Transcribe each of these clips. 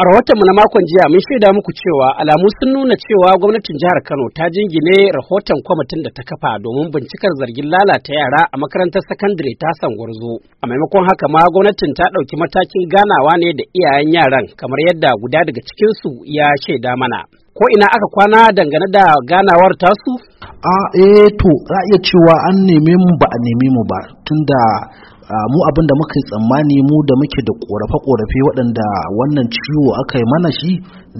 A rahotonmu na makon jiya mun shaida muku cewa alamu sun nuna cewa gwamnatin jihar Kano ta jingine rahoton kwamitin da ta kafa domin bincikar zargin lalata yara a makarantar sakandare ta Sangwarzo. A maimakon haka ma gwamnatin ta ɗauki matakin ganawa ne da iyayen yaran kamar yadda guda daga cikinsu ya shaida mana. Ko ina aka kwana dangane da ganawar tasu? A ah, eh to za iya cewa an neme mu ba a neme mu ba tunda mu abin da muka tsammani mu da muke da korafe-korafe waɗanda wannan ciwo aka yi mana shi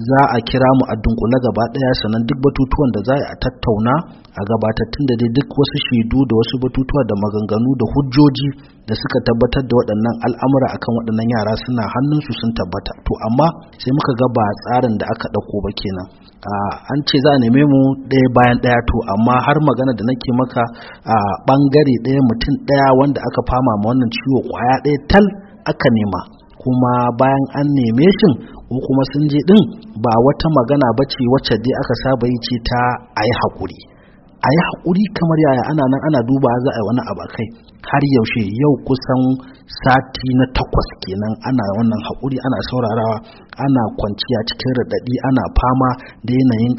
za a kira mu a dunkule gaba daya sannan duk batutuwan da za a tattauna a gabatattun da dai duk wasu shaidu da wasu batutuwa da maganganu da hujjoji da suka tabbatar da waɗannan al'amura akan waɗannan yara suna hannunsu sun tabbata to amma sai muka ga ba tsarin da aka ɗauko ba kenan an ce za a neme mu ɗaya bayan ɗaya to amma har magana da nake maka a ɓangare ɗaya mutum ɗaya wanda aka fama ma wannan ciwo kwaya ɗaya tal aka nema kuma bayan an neme shin ko kuma sun je din ba wata magana bace wacce dai aka saba yi ce ta a yi haƙuri a yi haƙuri kamar yaya ana nan ana duba za a yi wani abakai har yaushe yau kusan sati na takwas kenan ana wannan haƙuri ana saurarawa ana kwanciya cikin raɗaɗi ana fama da yanayin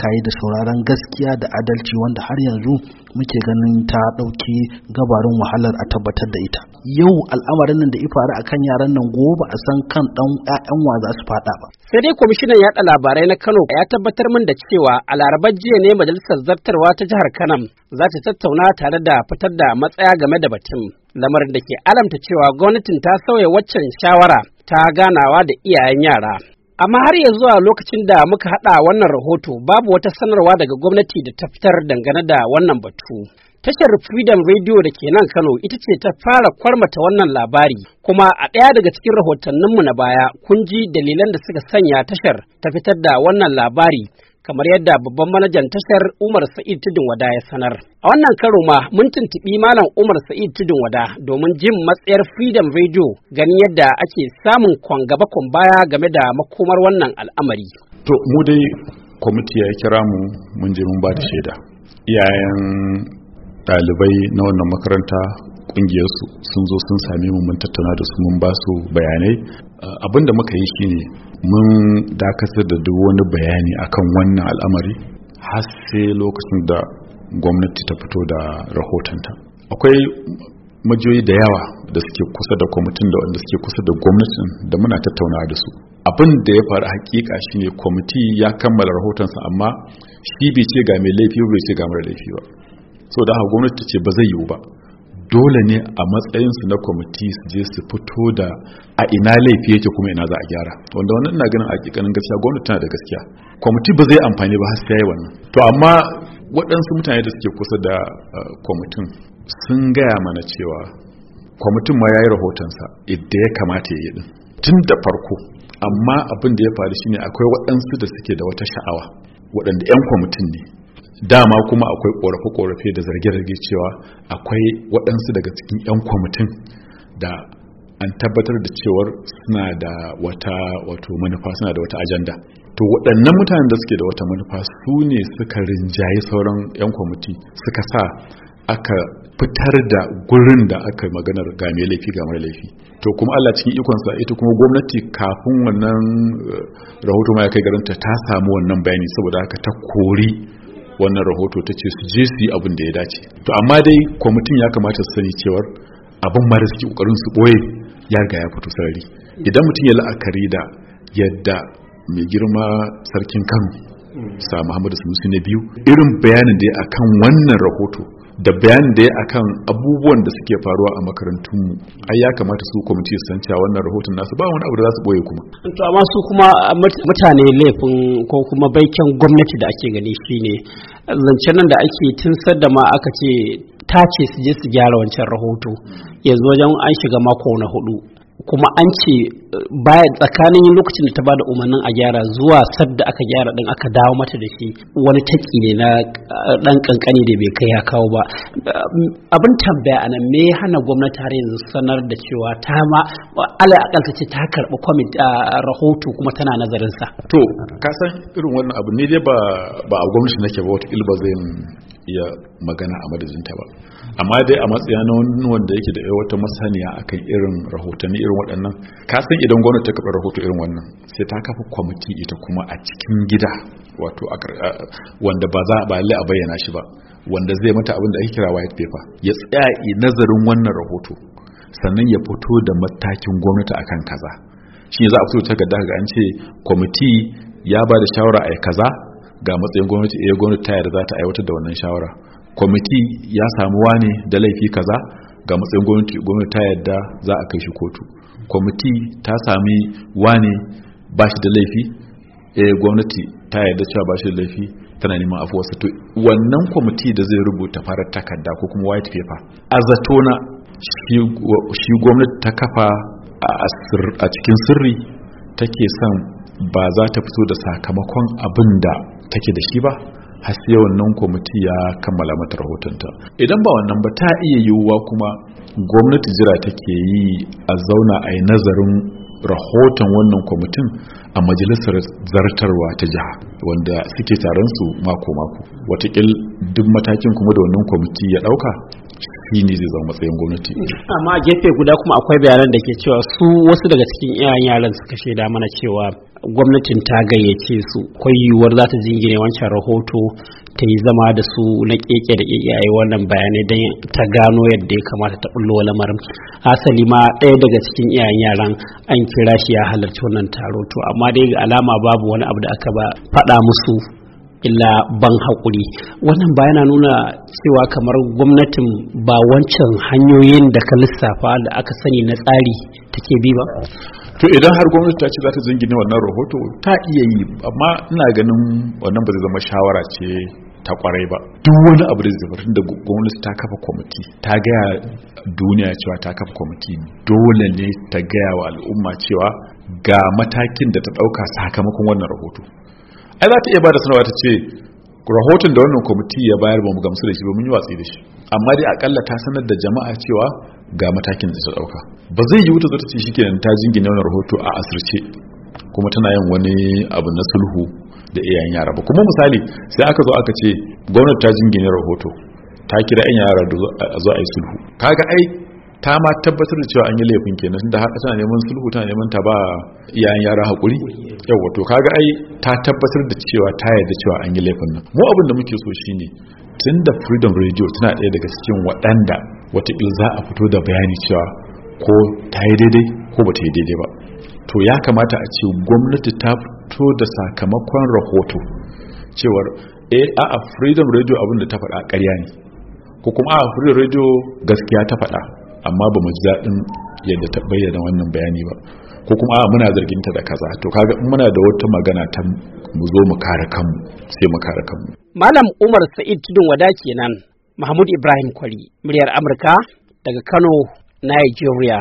kayi da sauraron gaskiya da adalci wanda har yanzu muke ganin ta ɗauki gabarin wahalar a tabbatar da ita yau al'amarin nan da ya faru akan yaran nan gobe a san kan ɗan ƴaƴan wa za su faɗa ba sai dai kwamishinan yaɗa labarai na Kano ya tabbatar min da cewa a larabar jiya ne majalisar zartarwa ta jihar Kano za ta tattauna tare da fitar da matsaya game da batun lamarin da ke alamta cewa gwamnatin ta sauya waccan shawara ta ganawa da iyayen yara amma har ya zuwa lokacin da muka haɗa wannan rahoto babu wata sanarwa daga gwamnati da ta fitar dangane da wannan batu tashar freedom radio da ke nan kano ita ce ta fara kwarmata wannan labari kuma a ɗaya daga cikin rahotanninmu na baya kun ji dalilan da suka sanya tashar ta fitar da wannan labari kamar yadda babban manajan tashar Umar Sa'id Tudun Wada ya sanar. A wannan karo ma mun tuntuɓi Malam Umar Sa'id Tudun Wada domin jin matsayar Freedom Radio ganin yadda ake samun kwangaba baya game da makomar wannan al'amari. To mu dai kwamiti ya kira mu mun je mun ba da shaida. Iyayen ɗalibai na wannan makaranta kungiyarsu sun zo sun same mu mun tattauna da su mun ba su bayanai abin da muka yi shine mun dakatar da duk wani bayani akan wannan al'amari har sai lokacin da gwamnati ta fito da rahotonta akwai majiyoyi da yawa da suke kusa da kwamitin da wanda suke kusa da gwamnatin da muna tattauna da su abin da ya faru hakika shine kwamiti ya kammala rahotonsa amma shi bai ce ga mai laifi bai ce ga mara laifi ba so da haka gwamnati ta ce ba zai yiwu ba dole ne a matsayinsu na kwamiti su je su fito da a ina laifi yake kuma ina za a gyara wanda wannan na ganin hakikanin gaskiya gwamnati tana da gaskiya kwamiti ba zai amfani ba har sai yayi wannan to amma waɗansu mutane da suke kusa da eh, kwamitin sun gaya mana cewa kwamitin ma ya yi rahotonsa idda ya kamata ya yi din tun da farko amma abin da ya faru shine akwai waɗansu da suke da wata sha'awa waɗanda 'yan kwamitin ne dama kuma akwai korafe-korafe da zarge-zarge cewa akwai waɗansu daga cikin 'yan kwamitin da an tabbatar da cewar suna da wata wato manufa suna da wata ajanda to waɗannan mutanen da suke da wata manufa su ne suka rinjaye sauran 'yan kwamiti suka sa aka fitar da gurin da aka maganar ga mai laifi ga mara laifi to kuma Allah cikin ikonsa ita kuma gwamnati kafin wannan eh, rahoto ma ya kai garinta ta samu wannan bayani saboda haka ta kori wannan rahoto ta ce su je su yi abin da ya dace to amma dai kwamitin ya kamata su sani cewar abin mara suke kokarin su boye ya riga ya fito sarari idan mutum ya la'akari da yadda mai girma sarkin kano sa muhammadu sanusi na biyu irin bayanin da ya akan wannan rahoto da bayanin da ya akan abubuwan da suke faruwa a makarantunmu ai ya kamata su kwamiti su a wannan rahoton nasu ba wani abu da za su boye kuma to amma su kuma mutane laifin ko kuma baikin gwamnati da ake gani shine zancen nan da ake tun sadda ma aka ce ta ce su je su gyara wancan rahoto yanzu wajen an shiga mako na hudu kuma an ce eh, baya tsakanin yin lokacin da ta bada umarnin a gyara zuwa sadda aka gyara din aka dawo mata da shi wani taki ne na dan eh, kankani da bai kai ya kawo ba eh, abin tambaya a nan me hana gwamnati har yanzu sanar da cewa ta ma ala akal ta ce ta karbi kwamit rahoto kuma tana nazarin sa to ka san irin wannan abu ne dai ba ba a gwamnati nake ba wata ilba zai iya magana a madadinta ba amma dai a matsayin na wanda yake da wata masaniya akan irin rahotanni irin waɗannan ka san idan gwamnati ta kafa rahoto irin wannan sai ta kafa kwamiti ita kuma a cikin gida wato wanda ba za ba a bayyana shi ba wanda zai mata abin da ake kira white paper ya tsaya nazarin wannan rahoto sannan ya fito da matakin gwamnati akan kaza shi za a fito takarda ga an ce kwamiti ya ba da shawara a kaza ga matsayin gwamnati eh gwamnati ta yarda za ta aiwatar da wannan shawara kwamiti ya samu wani da laifi kaza ga matsayin gwamnati gwamnati ta yarda za a kai shi kotu kwamiti ta sami wani ba shi da laifi eh gwamnati ta yarda cewa ba shi da laifi tana neman afuwarsa to wannan kwamiti da zai rubuta farar takarda ko kuma white paper a zato na, shi gwamnati ta kafa a cikin sirri take son ba za ta fito da sakamakon abin da take da shi ba har sai wannan kwamiti ya kammala mata rahotonta idan ba wannan ba ta iya yiwuwa kuma gwamnati jira take yi a zauna a yi nazarin rahoton wannan kwamitin a majalisar zartarwa ta jiha wanda suke taron su mako-mako watakil duk matakin kuma da wannan kwamiti ya dauka shi ne zai zama matsayin gwamnati amma gefe guda kuma akwai bayanan da ke cewa su wasu daga cikin iyayen yaran suka shaida mana cewa gwamnatin ta gayyace su akwai yiwuwar za ta jingine wancan rahoto ta yi zama da su na keke da iyaye wannan bayanai don ta gano yadda ya kamata ta bullo lamarin asali ma ɗaya daga cikin iyayen yaran an kira shi ya halarci wannan taro to amma dai ga alama babu wani abu da aka ba faɗa musu illa ban haƙuri wannan ba yana nuna cewa kamar gwamnatin ba wancan hanyoyin da ka lissafa da aka sani na tsari take bi ba to idan har gwamnati ta ce za ta jingina wannan rahoto ta iya yi amma ina ganin wannan ba zai zama shawara ce ta kwarai ba duk wani abu da zai da gwamnati ta kafa kwamiti ta gaya duniya cewa ta kafa kwamiti dole ne ta gaya wa al'umma cewa ga matakin da ta ɗauka sakamakon wannan rahoto ai za ta iya bada sanarwa ta ce rahoton da wannan kwamiti ya bayar ba mu gamsu da shi ba mun yi watsi da shi amma dai akalla ta sanar da jama'a cewa ga matakin da ta dauka ba zai yi wuta ta ce shikenan ta jingina wannan rahoto a asirce kuma tana yin wani abu na sulhu da iyayen yara ba kuma misali sai aka zo aka ce gwamnati ta jingine rahoto ta kira yan yara da zo a yi sulhu kaga ai ta ma tabbatar da cewa an yi laifin kenan tunda har tana neman sulhu tana neman ta ba iyayen yara hakuri yawa to kaga ai ta tabbatar da cewa ta yarda cewa an yi laifin nan mu abin da muke so shine tunda freedom radio tana daya daga cikin waɗanda wata za a fito da bayani cewa ko ta yi daidai ko ba ta yi daidai ba to ya kamata a ce gwamnati ta fito da sakamakon rahoto cewa eh, a a freedom radio abin da ta faɗa ƙarya ne ko kuma a freedom radio gaskiya ta faɗa amma ba mu ji daɗin yadda ta bayyana wannan bayani ba ko kuma a muna zargin ta da kaza to kaga in muna da wata magana ta mu zo mu kare kanmu sai mu kare kanmu malam umar sa'id tudun wada kenan mahmud ibrahim kwari muryar amurka daga kano nigeria